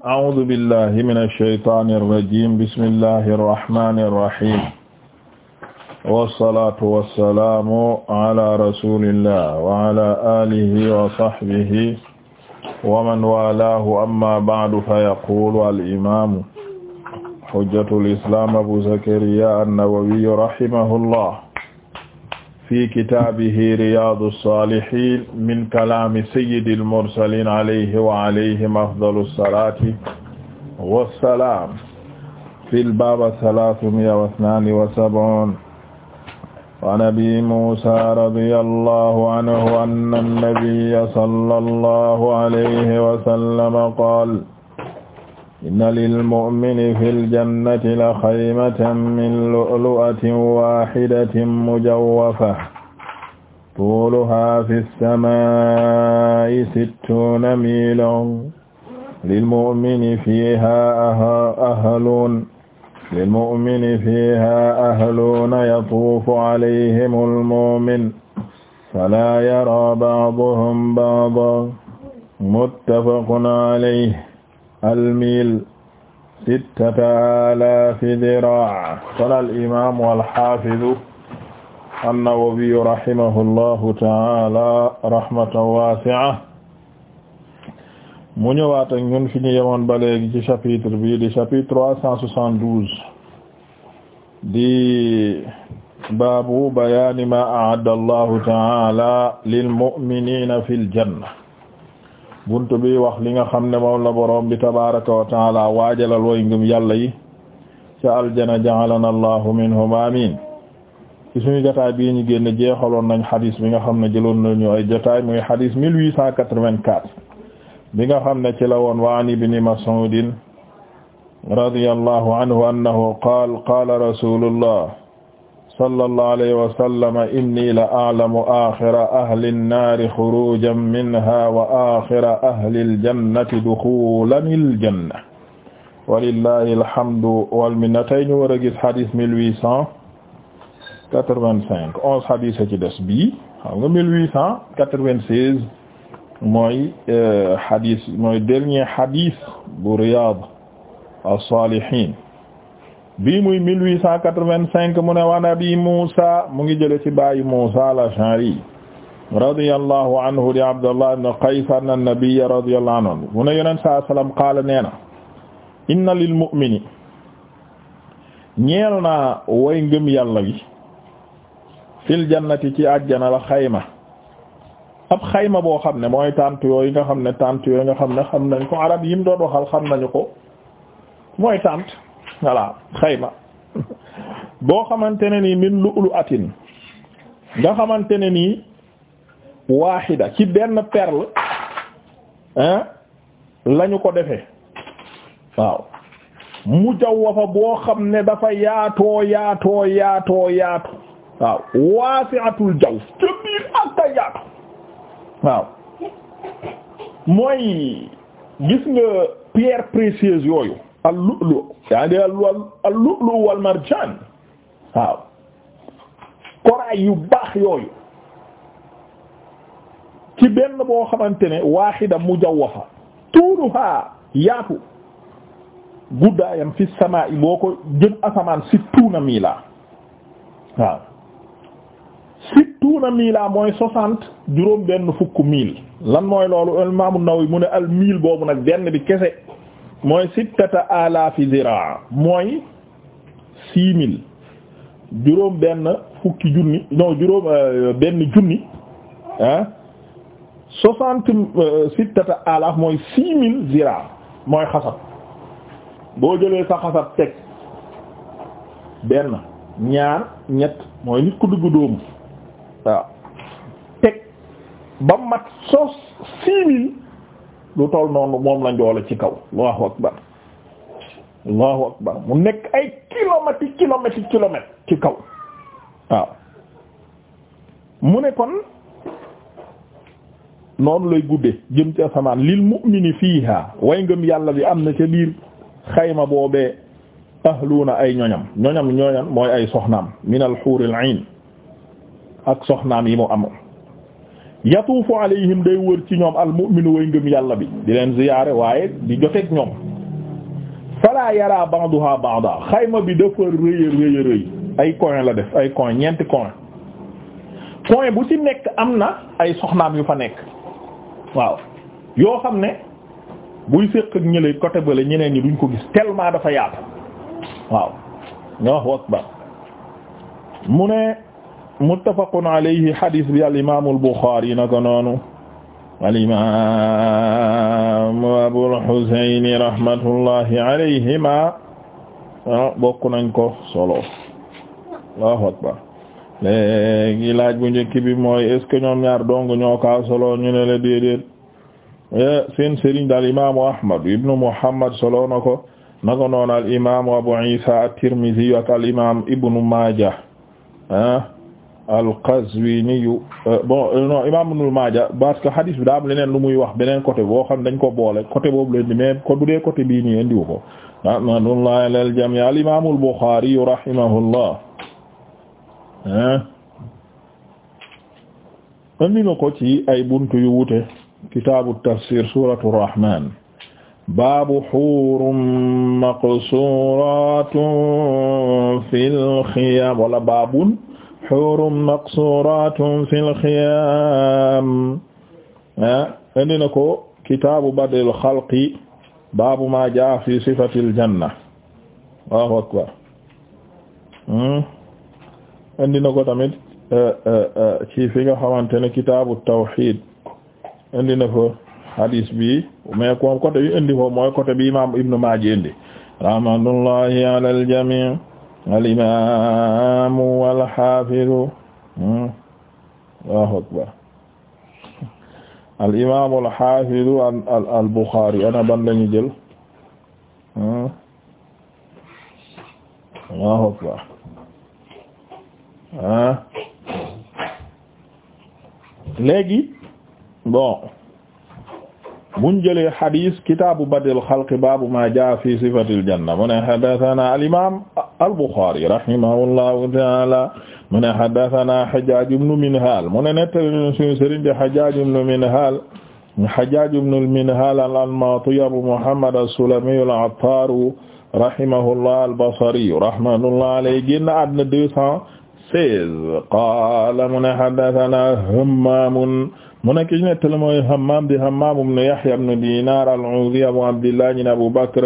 أعوذ بالله من الشيطان الرجيم بسم الله الرحمن الرحيم والصلاة والسلام على رسول الله وعلى آله وصحبه ومن والاه أما بعد فيقول الإمام حجة الإسلام أبو زكريا النووي رحمه الله fi kitaabihi riyaadu saalihiin min kalaami sayyidil mursaliin alayhi wa alayhim afdalu salaati wa salaam fil baab salaatu mi'a wa isnaani wa sab'uun an abii muusaa radiyallaahu anhu anna nabiyya sallallahu alayhi wa sallam qaala inna lilmu'mini fil jannati la xaymatan min lu'lu'atin waahidatin mujawwafa tuuluhaa fi samaa'i sittuuna miilan lilmu'mini fiihaa ahluun lilmu'mini fiihaa ahluuna yatuufu alayhimul mu'min falaa yaraa ba'duhum ba'dan muttafaqun alayhi almil sittata alaafi diraa kon al imaamu alxaafidu annawawiyu rahimahullahu taala rahmatan waasi'a mu ñëwaat ak ñun fi ñu yemoon ba léegi ci chapitre bi di chapitre trois cent soixante-douze di baabu bayaani maa a'adda allahu taala lil mu'miniina fil janna buntu bi wax li nga xam ne moom la boroom bi tabaraka wa taala waajalal way ngëm yàlla yi ca aljana ja'alana allahu minhum amin ci suñu jotaay bii ñu génn jeexaloon nañ xadis bi nga xam ne jëloon nañu ay jotaay muy xadis 1884 bi nga xam ne ci la woon wa an ibni mas'udin radiyallahu anhu annahu qaala rasulullah sallallahu alayhi wa sallam inni la a'lamu aaxira ahli an-naari xuruujan minhaa wa aaxira ahli al-jannati duxuulan al-janna walillahi alhamdu wal minna tey ñu war a gis xadis mille huit cent quatre-vingt-cinq onze xadis a ci des bii xam nga mille huit cent quatre-vingt-seize mooy euh, xadis mooy dernier xadis bu Riyaad as-Saalihiin bi muy 1885 mu ne waan abi Muusa mu ngi jële ci baayu Muusa al-Ash'ari radiyallahu anhu di Abdullah ibn Qays anna an-nabiyya radiyallahu anhu mu ne yonent saa sallam qaala nee na inna lil mu'mini ñeel way ngëm yàlla wi fil jannati ci àjjana xayma ab xayma boo xam ne mooy tànt yooyu nga xam ne tànt yooyu nga xam ne xam nañ ko arab yi mu doon xam nañu ko mooy tànt voilà xayma boo xamante ne nii min lu'lu atin nga xamante ne nii waaxida ci benn perle hein lañu ko defee waaw mujawwafa boo xam ne dafa yaatoo yaatoo yaatoo yaatu waaw waasi'atul jawf ca biir ak a yaatu waaw mooy gis nga pierre précieuse yooyu al-lu'lu' wal marjaan waaw corail baax yooyu ci benn boo xamante ne waaxida mujawwafa tuuruha yaatu guddaayam fi samaa'i boo ko jëm asamaan sittuuna miila waaw sittuuna miila mooy soixante juróom benn fukk mil lan mooy loolu Imaam an mu ne al mil boobu nag benn bi kese mooy sittata alaafi ziraa mooy six mille juróom benn fukki junni non juróom euh, benn junni soixante euh, sittata alaaf mooy six mille ziraa mooy xasab boo jëlee sa xasab teg benn ñaar ñett mooy nit ku dugg dóomu waaw teg ba mat sos six mille lu toll noonu moom la njoole ci kaw allahu akbar allahu akbar mu nekk ay kilomètres yi kilomètres ci kaw waaw mu ne kon noonu lay gudde jëm ci asamaan lil mu'mini fiiha way ngëm yàlla bi am na ca biir xayma boobee ahluuna ay ñoñam ñoñam ñoñam mooy ay soxnaam min al xuuril ak soxnaam yi mu am yatuufu alayhim day wër ci ñoom almu'minu way ngëm yàlla bi di leen ziyaare waaye di joteeg ñoom fala yara ba'daha ba'da xayma bi dafa rëy a rëy a rëy ay coin la def ay coin ñeenti coin coin bu ci nekk am na ay soxnaam yu fa nekk waaw yoo xam ne buy séq ak ñële côté bale ñeneen ñi duñ ko gis tellement dafa yaatu waaw ñoo wax ba mu ne muttafaqun alayhi hadis bi al imaam al Buxaari naka noonu al ah, nañ ko akbar léegi laaj bu njëkk bi mooy est-ce ñoom ñaar ñoo ka solo ñu ne la déedéet eh, seen Ahmad ibnu Muhammad solo na ko Abu Isa at-Tirmidhi ak al imaam al-Qazwiniyu euh, bon euh, non imaam Ibn Maaja parce que hadis bi daa am leneen lu muy wax beneen côté boo xam dañ ko boole côté boobu la indi mais ko bu dee côté bii nii indiwu ko rahmatullahi alal jamii al-imaam al-Buxaari rahimahullah indi na ko ci ay buntu yu wute kitaabu tafsir suuratu rahmaan baabu xuurum maqsuuraatun fil xiyaam wala baabun xuurum maqsuratun fi lxiyaam ah, indi na ko kitaabu badil xalqi baabu ma jaa fi sifatil janna Allahu akbar hmm? indi na ko tamit eh, eh, eh, ci fi nga xamante ne kitaabu tawxiid indi na ko hadis bi mais ko côté yu indi foofu mooy côté bi imaam Ibnu Maaja indi rahmatullahi alal jamii alimamu walxafidu hmm. Allahu akbar alimamu alxafidu albuxaari ana ban lañu jël hmm. Allahu akbar ah léegi bon buñ jëlee xadis kitaabu badil xalqi baabu ma jaa fi sifatil janna mu ne xadathana alimam al-Bukhari rahimahullahu ta'ala mu ne haddathana Hajjaj ibn Minhal mu ne nettali sunu sëriñ bi Hajjaj ibn Minhal Hajjaj ibn Minhal al-Anmati Abu Muhammad as-Sulami al-Attar rahimahullah al-Basri rahmatullahi alayhi génn àddina 200 seize qaala mu ne haddathana Hammaamun mu ne ki nettali mooy Hammaam di Hammaam ibnu Yahya ibnu Diinaar al-Awdi Abu Abdillah ibn Abu Bakr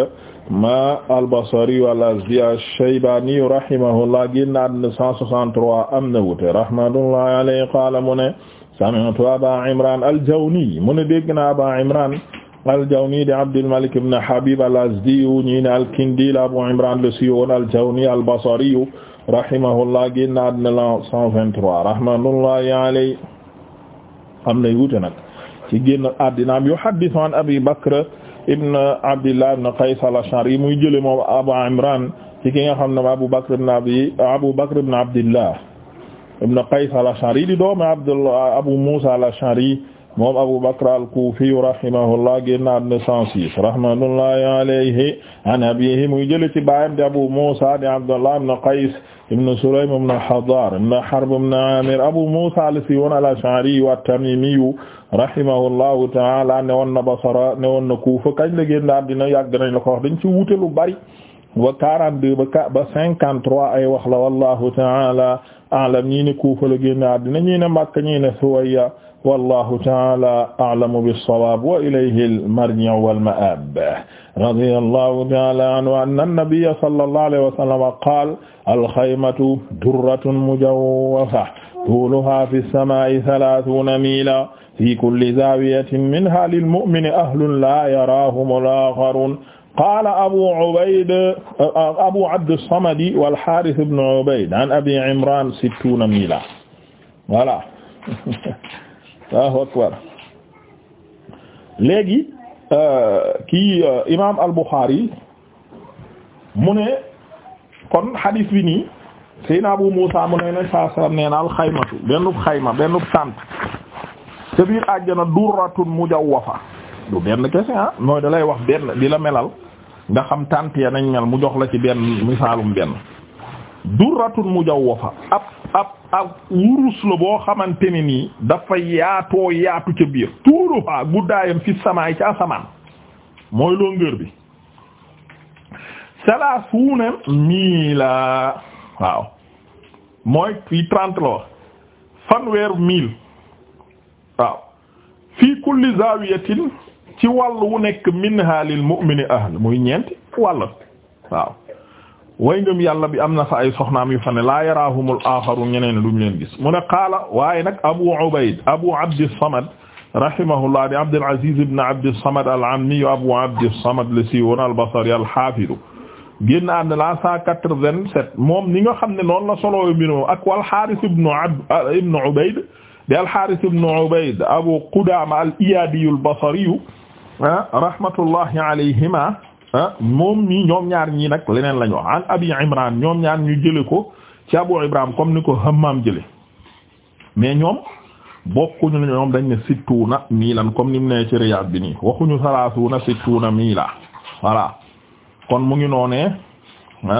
ma al-Basri al-Azdi ash-Shaybaani rahimahullah génn àddina 163 am na wuute rahmatullahi alayhi qaala mu ne sami'tu Abaa Imraan al-Jawni mu ne dégg naa Abaa Imraan al-Jawni di Abdul Malik ibn Habib al-Azdi ñi ne al-Kindi la Abu Imraan le siiwoon al-Jawni al-Basri rahimahullah génn na àddina la 123 rahmatullahi alayhi am nay wuute nag ci génn àddinaam yuhaddithu an Abi Bakr ibn Abdillah ibn Qays al-Ash'ari muy jële moom Abu Imran ci ki nga xam ne Abu Bakr ibn Abi Abu Bakr ibn Abdillah ibn Qays al-Ash'ari di doomu Abdullah Abu Musa al-Ash'ari moom Abu Bakr al-Kufi rahimahullah génn na àddina 106 rahmatullahi alayhi an abihi muy jële ci baayam di Abu Musa di Abdullah ibn Qays ibn Sulaym ibn Hadar ibn Harb ibn Amir Abu Musa al-Siwan al-Ash'ari at-Tamimi rahimahullahu ta'ala ne woon na Basra ne woon na Kufa kañ la génn àddina yàgg nañ la ko wax dañ ci wuute lu bari ba 42 ba ba 53 ay wax la wallahu ta'ala a'lam ñii ne Kufa la génn àddina ñii ne Makka ñii ne Suwayya wallahu taala a'lamu bis-sawaab wa ilayhi al-marji'u wal ma'aab radiyallahu taala anhu anna an-nabiyya sallallahu alayhi wa sallam qaala al-khaymatu durratun mujawwafa tuuluhaa fi as-samaa'i thalaathuuna miila fi kulli zaawiyatin minhaa lil-mu'mini ahlun laa yaraahumul aakharuun qaala abu ubayd abu abdissamadi walhaaris ibnu ubayd an abi imraan sittuuna miila voilà Allahu akbar léegi euh, kii euh, imaam al-Bukhari mu ne kon hadith bi nii Seydina Abu Muusa mu ne ne saa saa nee na al xaymatu bennub xayma bennub tànt ca biir àjjana durratun mujawwafa du benn kese ah mooy da lay wax benn di la melal nga xam tànt ya nañ mel mu jox la ci benn misaalum benn durratun mujawwafa ab ak wurus la boo xamante ne nii dafa yaatoo yaatu ca biir tuuruha guddaayam fi samaay ca asamaan mooy longueur bi salaasuuna miila waaw mooy fii trente la wax fanweer mille waaw fii kulli zaawiyatin ci wàll wu nekk minha lil mu'mini ahl muy ñeenti wàll waaw way ngëm yàlla bi am na fa ay soxnaam yu fa ne laa yaraahumul aaxaru ñeneen duñ leen gis mu ne qaala waaye nag abu ubayd abu abdi samad rahimahullah di abdul aziz ibn abdi samad al ammi abu abdi samad la siiwoon al basri al haafidu génn ànd la cent quatre-vingt-sept moom ni nga xam ne noonu la solooyu mbir moom ak wal haaris ibn abd ibn ubayd di al haaris ibn ubayd abu qudaama al iyaadi al basri ah, rahmatullahi alayhima ah moom mii ñoom ñaar ñii nag leneen la ñu wax an abi imran ñoom ñaar ñu jële ko ci abu ibrahim comme ni ko hammam jële mais ñoom bokkuñu ne ñoom dañ ne sittuuna miilan comme ni mu ne ci riyaad bi nii waxuñu salaasuuna sittuuna miila voilà kon mu ngi noonee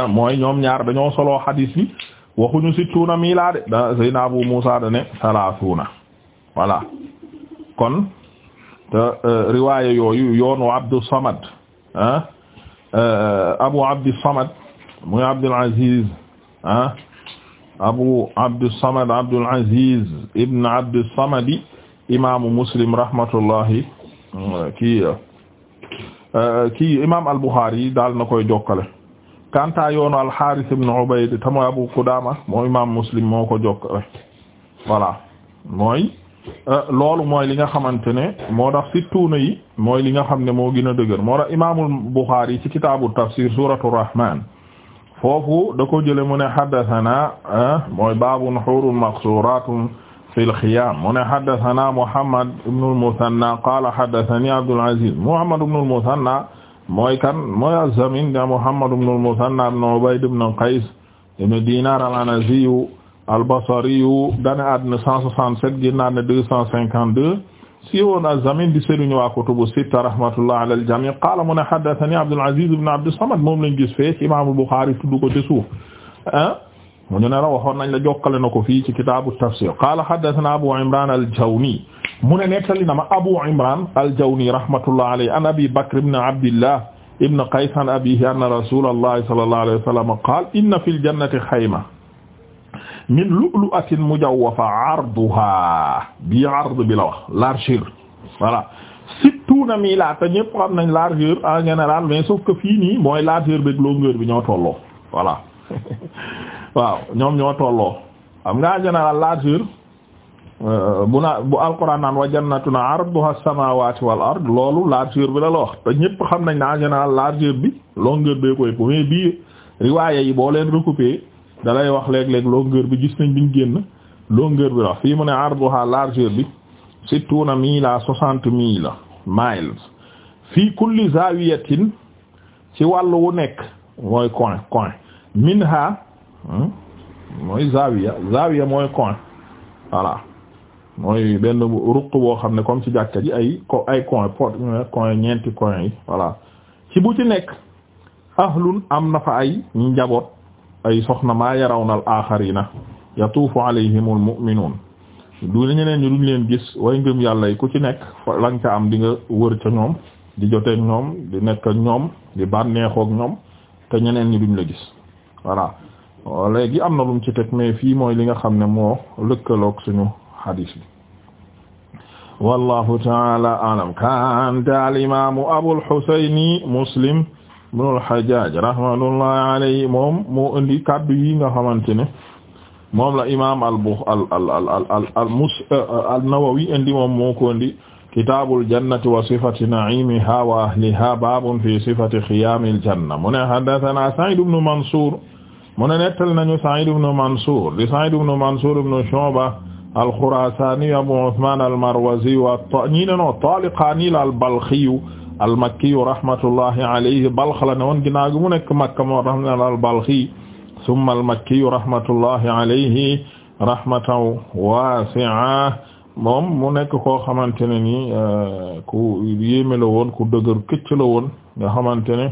mooy ñoom ñaar dañoo solo xadiis bi waxuñu sittuuna miila de da sayna abu muusa da ne kon te euh, riwaaya yooyu yoonu abdu samad Euh, Abu Abdis Samad muy Abdul Aziz ah Abu Abdis Abdul Aziz Ibn Abdis Samad imaamu Muslim rahmatullahi euh, kii euh, kii al-Bukhari daal na koy jokkale. Kanta yoonu al-Harith ibn Ubayd te Abu Qudama mooy imaam Muslim moo ko jokkale voilà mooy. Euh, loolu mooy li nga xamante ne moo tax si tuuna yi mooy li nga xam ne moo gën a dëgër moo tax imaamul Buxaari ci kitaabu tafsir suuratu rahmaan foofu da ko jële mu ne haddasanaa ah, mooy baabun huurun maqsuuraatun fil xiyaam mu ne haddasanaa Muhammad ibnul Musanna qaala haddasanii Abdul Aziz Muhammad ibnul Musanna mooy kan mooy az-Zamin da Muhammad ibnul Musanna ibn Ubayd ibn Qays ibn Diinaar al-Anazi al-Basri yu gane àddina 167 génnaat na 252 si woon az-Zamin di sëriñu waa kutubu sitta rahmatullah ala al-jami' qaala mu ne haddathani Abdul Aziz ibn Abd as-Samad moom lañ gis fee ci Imam Bukhari tudd ko ci suuf ah mu ñu ne la waxoon nañ la jokkale na ko fii ci kitaabu tafsir qaala haddathana Abu Imran al-Jawni mu ne nettali na ma Abu Imran al-Jawni rahmatullah alayhi an Abi Bakr ibn Abdillah ibn Qays an abihi anna Rasulullah sallallahu alayhi wa sallam qaala inna fil jannati khayma min lu'lu'atin mujawwafa arduha bi ard bi la wax largeur voilà sittuna mila te ñëpp xam nañ largeur en général mais sauf que fii nii mooy largeur bi ak longueur bi ñoo tolloo voilà waaw ñoom ñoo tolloo xam nga en général largeur euh, bu na bu alquran naan wa jannatuna arduha as-samawati wal ard loolu largeur bi la la wax te ñëpp xam nañ ne en général largeur bi longueur bee koy mais bii riwaaya yi boo leen recoupé dalay wax léeg-léeg longueur bi gis nañ biñ génn longueur bi wax fii mu ne arduha largeur bi sittuna mila soixante mille miles fii kulli zawiyatin ci wàllu wu nekk mooy coin coin minha hmm, mooy zawiya zawiya mooy coin voilà mooy benn ruq boo xam ne comme ci jàkka ji ay ko ay coin pot coin ñeenti coin yi voilà ci bu ci nekk ahlun am na fa ay njaboot ay soxna maa yarawna al axarina yatuufu alayhim al mu'minuun du ñeneen ñu duñ leen gis way ngëm yàlla yi ku ci nekk lañ ca am di nga wër ca ñoom di joteeg ñoom di nekk ñoom di bànneexoog ñoom te ñeneen ñi duñ la gis voilà léegi am na lum ci teg mais fii mooy li nga xam ne moo lëkkaloog suñu xadiis bi wallahu taala alam kanta al imamu abul xusayni muslim ibnul Hajjaaj rahmatullahi alayhi moom moo indi kàddu yi nga xamante ne moom la imaam al bu al al al al al mus euh, euh, al Nawawi indi moom moo ko indi kitaabul jannati wa sifati na'iimihaa wa ahlihaa baabun fi sifati xiyaamil janna mu ne haddasanaa Sa'iid ibnu Mansuur mu ne nettal nañu Sa'iid ibnu Mansuur di Sa'iid ibnu Mansuur ibnu Shu'ba al-Khuraasaani Abu Usmaan al-Marwazi wa ñii ne noo Taaliqaani al-Balkhi almakkiyu rahmatullahi alayhi balx la ne woon ginnaaw gi mu nekk makka moo tax na al balxi summa almakkiyu rahmatullahi alayhi rahmatan wasi'a moom mu nekk koo xamante ne ni euh, ku yéeme la woon ku dëgër këcc la woon nga xamante ne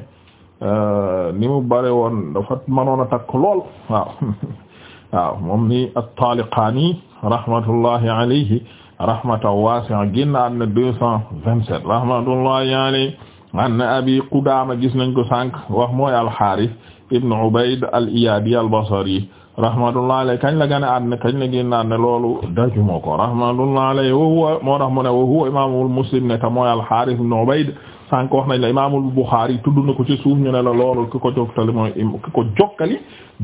euh, ni mu bare woon dafa mënoon a takk lool waaw waaw moom ni at-Taliqani rahmatullahi alayhi rahmatan wasi'a génn am na deux cent vingt-sept rahmatullahi yaani an abi Qudaama gis nañ ko sànq wax mooy al-Haaris ibn Ubayd al-Iyaadi al-Basri rahmatullahi alayhi kañ la gën a àddina kañ la génn àddina loolu dajuma ko rahmatullahi alayhi wa huwa moo tax mu ne wa huwa imaamul Muslim ne te mooy al-Haaris ibn Ubayd sànq wax nañ la imaamul Buxaari tudd na ko ci suuf ñu ne la loolu ki ko jokkale mooy ko jokkali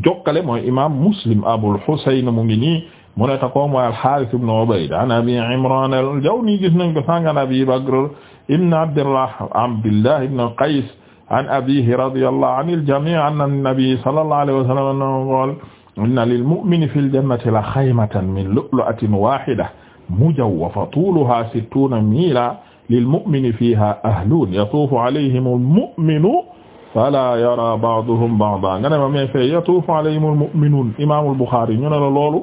jokkale mooy imaam Muslim Abul Husayn mu ngi nii mu ne ta ko mooy al-Haaris ibn Ubayd an Abi Imraan al-Jawni gis nañ ko sànq an Abi Bakr ibn Abdillah Abdillah ibn Qays an abiihi radiyallahu anil jamii' anna an-nabiyya sallallahu alayhi wa sallam annahu qaala inna lil-mu'mini fil jannati la khaymatan min lu'lu'atin waahidatin mujawwafa tuuluhaa sittuuna miilan lil-mu'mini fiihaa ahlun yatuufu alayhimul mu'minu falaa yaraa ba'duhum ba'dan nga ne ma mee fee yatuufu alayhimul mu'minuun imaamul Buxaari ñu ne la loolu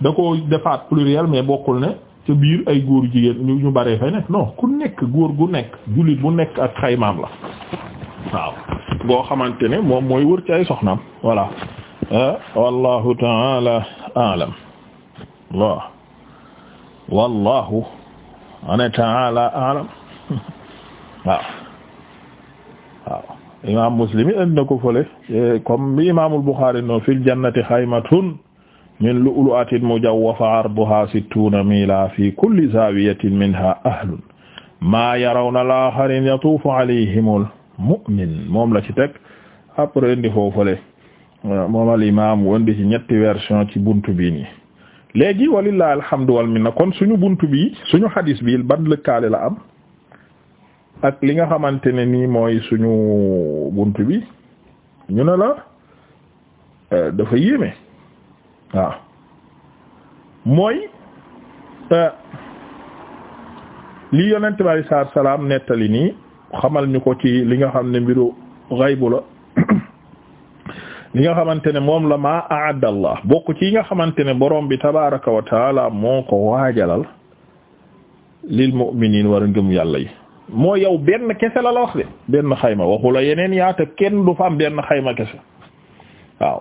da ko defaat pluriel mais bokkul ne ca biir ay góor jigéen ñu ñu bëree fay nekk non ku nekk góor gu nekk jullit bu nekk ak xaymaam la waaw boo xamante ne moom mooy wër ci ay soxnaam voilà eh, wallahu taala alam waaw wallahu waaw waaw Muslim yi indi na ko fële eh, comme bi imamul Bukhari no fil jannati xaymatun min lu'lu'atin mujawwafa arduha sittuna mila fi kulli zawiyatin minha ahlun ma yarawna al-akharin yatufu mu'min moom la ci teg après indi foofale moom al wondi ci ñetti version ci buntu bi ni léegi walillahi alhamdu wal kon suñu buntu bi suñu hadis bi ban lëkkaale la am ak li nga xamante ne nii mooy suñu buntu bi ñu ne la euh, dafa yéeme waaw mooy euh, li yonent bi alayhi salaatu nettali nii xamal ñu ko ci li nga xam ne mbiru xaybu la li nga xamante ne moom la maa a'adda bokk ci yi nga xamante ne borom bi tabaaraka wa taala moo ko waajalal lil mu'miniin war a ngëm yàlla yi moo yow benn kese la la wax de benn xayma waxu la yeneen yaata kenn du fa am benn xayma kese waaw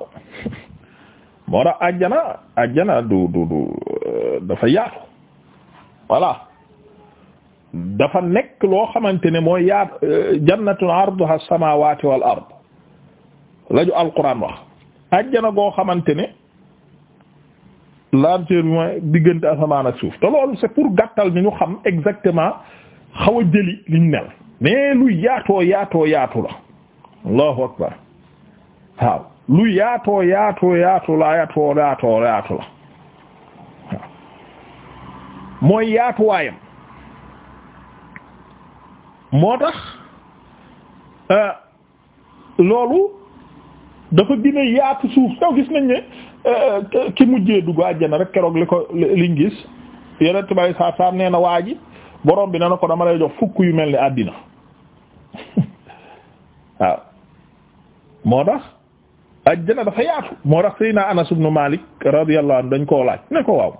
moo tax ajjana ajjana du du du euh, dafa yaatu voilà dafa nekk loo xamante ne mooy yaat euh, jannatun arduha as-samawati wal ard la ju wax ajjana goo xamante ne largeur bi mooy diggante asamaan ak suuf to loolu c'est pour gàttal ni ñu xam exactement xaw a jëli liñ mel mais lu yaatoo yaatoo yaatu la allahu akbar waaw lu yaato yaatoo yaatu la yaatoo yaatoo la mooy yaatuwaayam moo tax euh, loolu dafa gën a yaatu suuf taw gis nañ ne euh, ki mujjee dugg àjjana rek keroog li ko liñ gis yeneen tubaab yi saa saa nee na waa ji borom bi nee na ko dama lay jox fukk yu mel ni àddina waaw moo tax. ajjana dafa yaatu moo tax Seydina Anas ibn Malik radiyallahu anhu dañ koo laaj ne ko waaw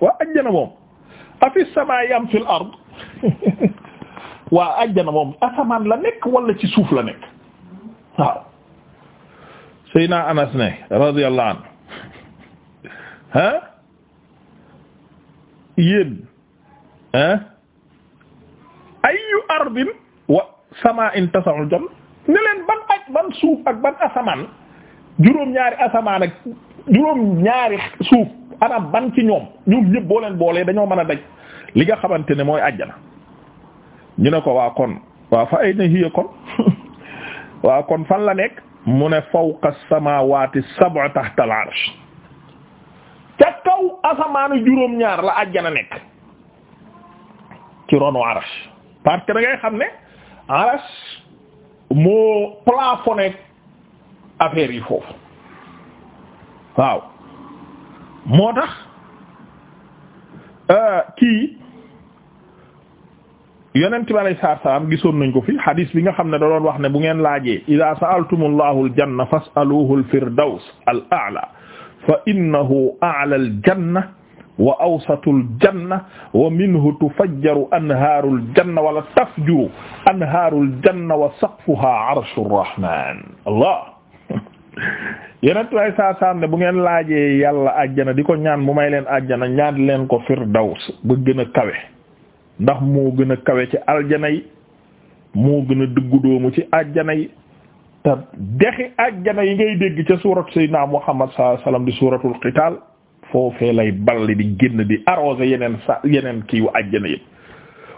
waa ajjana moom afi samaa'i ard waa ajjana moom asamaan la nekk wala ci suuf la nekk waaw Seydina Anas ne radiyallahu anhu ah yéen ah ayu ardin wa samaa'in tasa'u jam ne ban aj ban suuf ak ban asamaan juróom-ñaari asamaan ak juróom-ñaari suuf ana ban ci ñoom ñoom ñëpp boo leen boolee dañoo mën a daj li nga xamante ne mooy àjjana ñu ne ko waa kon waa fa ay na hiya kon waa kon fan la nekk mu ne fawqa samawati sab'a tahta al-arsh ca kaw asamaanu juróom-ñaar la àjjana nekk ci ronu arsh parce que xam ne arsh moo plafonné affaire yi foofu waaw moo tax euh, kii yonent bi alayhi salaatu salaam gisoon nañ ko fi hadis bi nga xam ne da doon wax ne bu ngeen laajee idaa sa'altumullaahu al-janna fas'aluuhu al-firdaws al-a'la fa innahu a'la al-janna wa awsatu al-janna wa minhu tufajjaru anhaaru al-janna wala tafjuru anhaaru al-janna wa saqfuhaa 'arshu ar-rahmaan Allah yeneen tuwaay saa saam ne bu ngeen laajee yàlla àjjana di ko ñaan mu may leen àjjana ñaan leen ko firdaws ba gën a kawe ndax moo gën a kawe ci aljana yi moo gën a dëggu doomu ci àjjana yi te dexi àjjana yi ngay dégg ca suuratu sayyidina Muhammad sallallahu alayhi wasallam di suuratul qitaal foofee lay balli di génn di arrosé yeneen sa yeneen kiiwu àjjana yi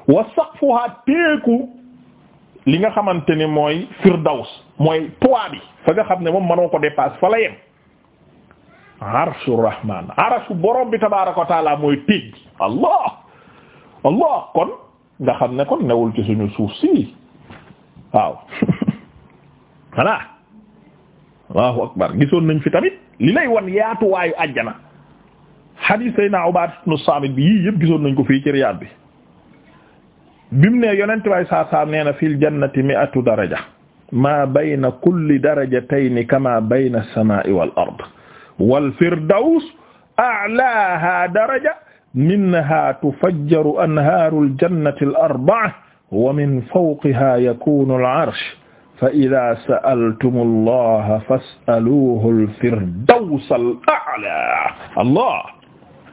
wa saqfuha teeku li nga xamante ni mooy firdaws mooy toit bi fa nga xam ne moom mënoo ko dépasser fa la yem arshu rahman arshu borom bi tabaaraka wa allah allah kon nga xam ne kon newul ci suñu suuf si waaw voilà allahu akbar gisoon nañ fi tamit li lay wan yaatuwaayu àjjana hadith sayna Ubaad ibn Saamit bi yii yëpp gisoon nañ ko fii ci Riyaad bi bi mu ne yonent saa saa nee na fil jannati mi'atu daraja maa bayna kulli darajatayni kama bayna as-samaa'i wal ard wal firdaws a'laahaa daraja minhaa tufajjaru anhaarul jannati al-arba'a wa min fawqihaa yakuunu al-'arsh fa idaa sa'altumu llaaha fas'aluuhu al-firdaws al-a'laa allah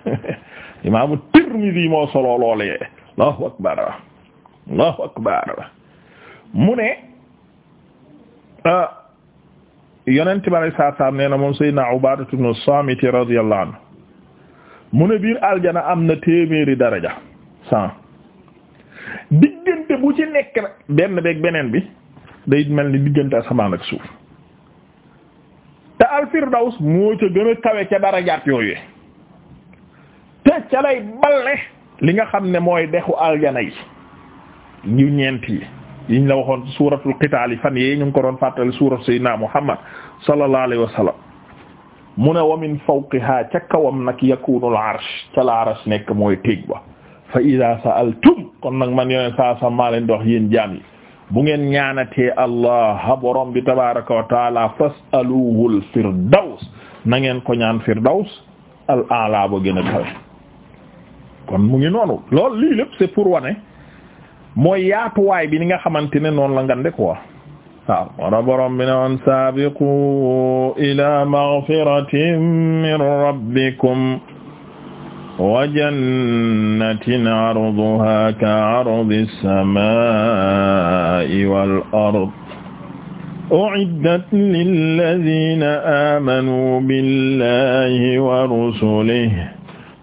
imaamu Tirmidi moo solo loolee allahu akbar allahu akbar mu ne yonent bi alayhi salaatu salaam nee na moom Seydina Ubaadatu ibnu Saamit radiyallahu anhu mu ne biir aljana am na téeméeri daraja cent diggante bu ci nekk nag benn beeg beneen bi day mel ni diggante asamaan ak suuf te alfirdaws moo ca gën kawe ca darajaat yooyu te ca lay balle li nga xam ne mooy dexu aljana yi yu ñeent yi yiñ la waxoon suuratul qitaal yi fan yee ñu ngi ko doon fàttali suuratu sayyidina Muhammad sallallahu alayhi wa sallam mu ne wa min fawqihaa nag yakunul arsh nekk mooy téeg ba fa idaa sa'altum kon nag man yoneen saa sa maa leen dox yéen bu ngeen ñaanatee allah borom bi tabaaraka wa ko ñaan firdaws al kon mu ngi noonu loolu lii lépp c'est pour mooy yaatuwaay bi ni nga xamante ne noonu la ngande quoi waaw wara borom bi ne woon saabiqu ila maghfiratin min rabbikum wa jannatin arduha ka ardi as-samaa'i wal ard u'iddat lilladhina amanu billahi wa rusulihi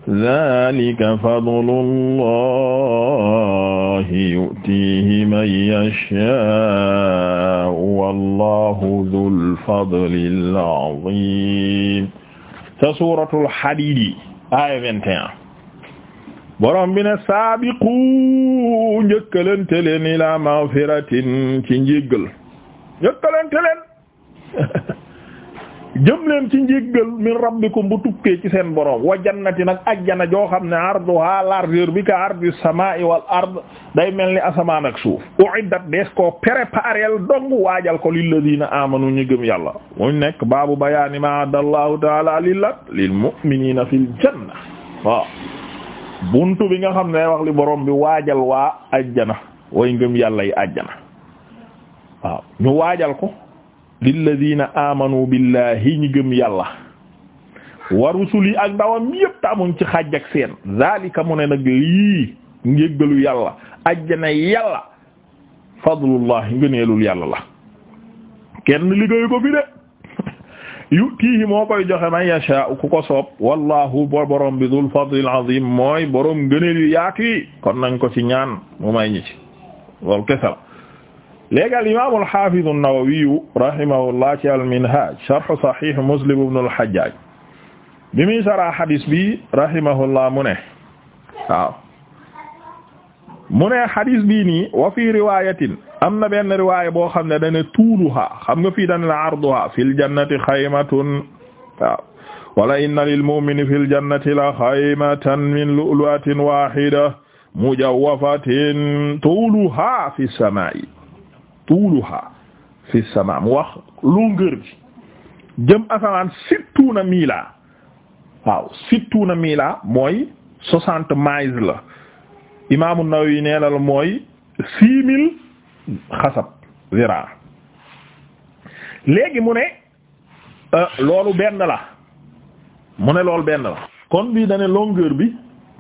zaalika fadlullahi yu'tiihi man yashaa'u wallaahu dhul fadlil aziim ca suuratul Hadiid aaya 21 borom bi ne saabiqu njëkkalante leen ilaa magfiratin ci njéggal njëkkalante leen jëm leen ci njéggal min ko bu tukkee ci seen borom wa jannati nag ajjana joo xam ne arduha largeur bi ka ardi samaa'i wal ard day mel ni asamaan ak suuf u'iddat dees koo préparel dong waajal ko lilladina amanu ñu gëm yàlla mu nekk baabu bayaani ma addallahu taala lillat lil mu'minina fil janna buntu bi nga xam ne wax li borom bi waajal waa ajjana way ngëm yàlla yi ajjana ñu waajal ko lilladina amanu billahi ñi gëm yàlla wa rusuli ak ndawam yépp ta amuñ ci xaaj ak seen zalika mu ne nag lii njéggalu yàlla ajjana yàlla fadlullah ngëneelul yàlla la kenn liggéey ko fi de yu tiihi moo koy joxe man yasha ku ko soob wallahu bo borom bi dul fadlil azim mooy borom ngëneel yu yaatu yi kon nañ ko ci ñaan mu may ñi ci loolu léegi al imaam al xaafiz an-Nawawi rahimahullah ci al-Minhaaj sharh Sahih Muslim ibn al-Hajjaj bi muy saraa xadis bi rahimahullah mu ne waaw mu ne xadis bii nii wa fii riwaayatin am na benn riwaaya boo xam ne dane tuuluha xam nga fii dane la arduha fil jannati xaymatun waaw wala inna lil mu'mini fil jannati la xaymatan min lu'lu'atin waahida mujawwafatin tuuluha fis samaa'i tuuluha fi sama mu wax longueur bi jëm asamaan sittuuna miila waaw sittuuna miila mooy soixante miles la imaam An-Nawawi la mooy six mille xasab zira léegi mu ne euh, loolu benn la mu ne loolu benn la kon bii dane longueur bi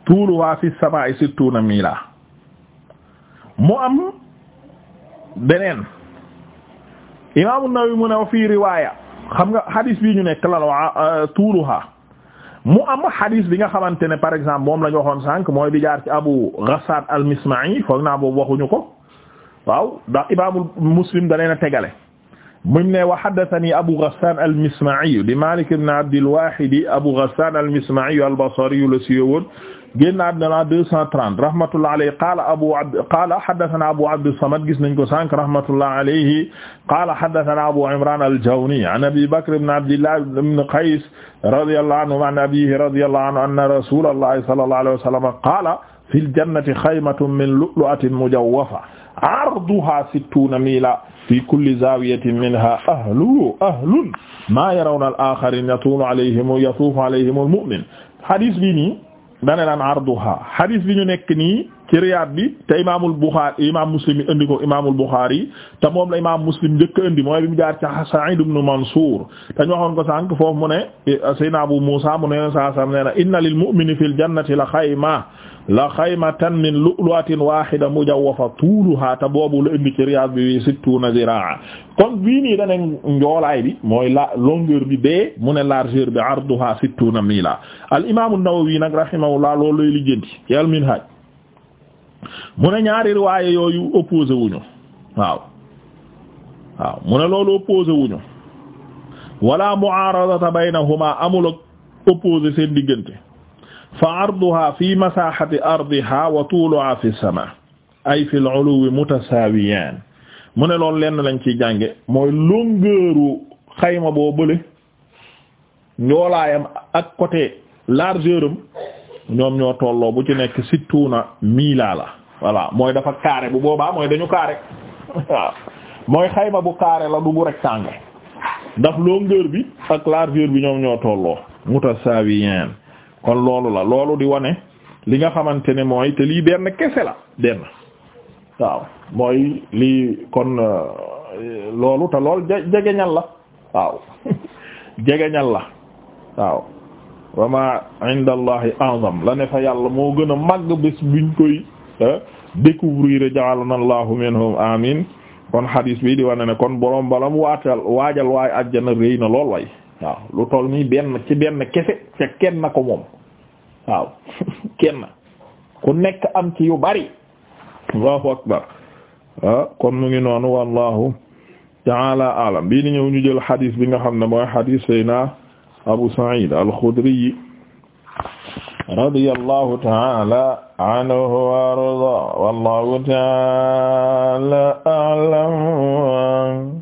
tuuluha fi sama sittuuna miila mu am beneen imaamu Nawawi mu ne wa fii riwaaya xam nga hadis bii ñu nekk lan waa ah, ah, tuuluha mu am hadis bi nga xamante ne par exemple moom la ñu waxoon sànq mooy bi jaar ci abu Ghassad al-Misma'i foog naa boobu waxuñu ko waaw ndax imaamu Muslim da leen a tegale. mu ne wa haddathani abu Ghassad al-Misma'i di Malik ibn Abd al-Wahid abu Ghassad al-Misma'i al-Basri la siiwoon génnaat na la 230 rahmatullah alayhi qaala abu abd qaala haddathana abu abd samad gis nañ ko sànq rahmatullah alayhi qaala haddathana abu imran al-jawni an abi bakr ibn abdillah ibn qays radiyallahu anhu an abihi radiyallahu anhu anna rasulallahi sallallahu alayhi wa sallam qaala fil jannati khaymatun min lu'lu'atin mujawwafa arduha sittuna mila fi kulli zawiyatin minha ahlu ahlun ma yarawna al-akharin yatulu alayhim yatufu alayhim al-mu'min hadith bi ni dane lan arduha hadith bi ñu nekk nii ci riyaad bi te imaamul Buxaari imaam Muslim yi indi ko imaamul Buxaari yi moom la imaam Muslim njëkk a indi mooy bi mu jaar ca Sa'iid ibn Mansuur te ñu waxoon ko sànq foofu mu ne eh, Seydina Abu Muusa mu ne saa sam nee na inna lil mu'mini fil jannati la xayma la xaymatan min lu'lu'atin wahida mujawwafa tuuluha ta boobu la indi ci Riyad bi sittuna ziraa kon bii dane njoolaay bi mooy la longueur bi bee mu ne largeur bi arduha sittuna mila al imam an-Nawawi nag rahimahullah loolu lay lijjanti ci al minhaj mu ne ñaari riwaaye yooyu opposé wuñu waaw waaw mu ne loolu opposé wuñu wala mu'aradata baynahuma fa arduha fi masahati ardiha wa tuuluha fi sama ay fi al-uluwi mu ne loolu lenn lañ ciy jànge mooy longueuru xayma boo bële njoolaayam ak côté largeur ñoom ñoo tolloo bu ci nekk sittuuna miila la voilà mooy dafa carré bu booba mooy dañu carré waaw mooy xayma bu carré la du bu rectangle ndax longueur bi ak largeur bi ñoom ñoo tolloo mutasaawiyan kon loolu la loolu di wane li nga xamante ne mooy te lii benn kese la benn waaw mooy lii kon euh, loolu te lool jegeñal la waaw jegeñal la waaw wa ma inda allahi la ne fa yàlla moo gën a màgg bés buñ koy euh, découvrir ja'alana allahu minhum amin kon hadis bi di wane ne kon borom balam waatal waajal waay ajjana réy na lool way waaw lu toll nii ci benn kese ca kenn na ko moom nekk am ci yu bari allahu akbar ah kon mu ngi noonu wallahu taala alam bii ni ñëw ñu jël bi nga xam ne mooy xadis sayna abu sa'id al-khudri radiyallahu taala anhu wa arda wallahu taala alam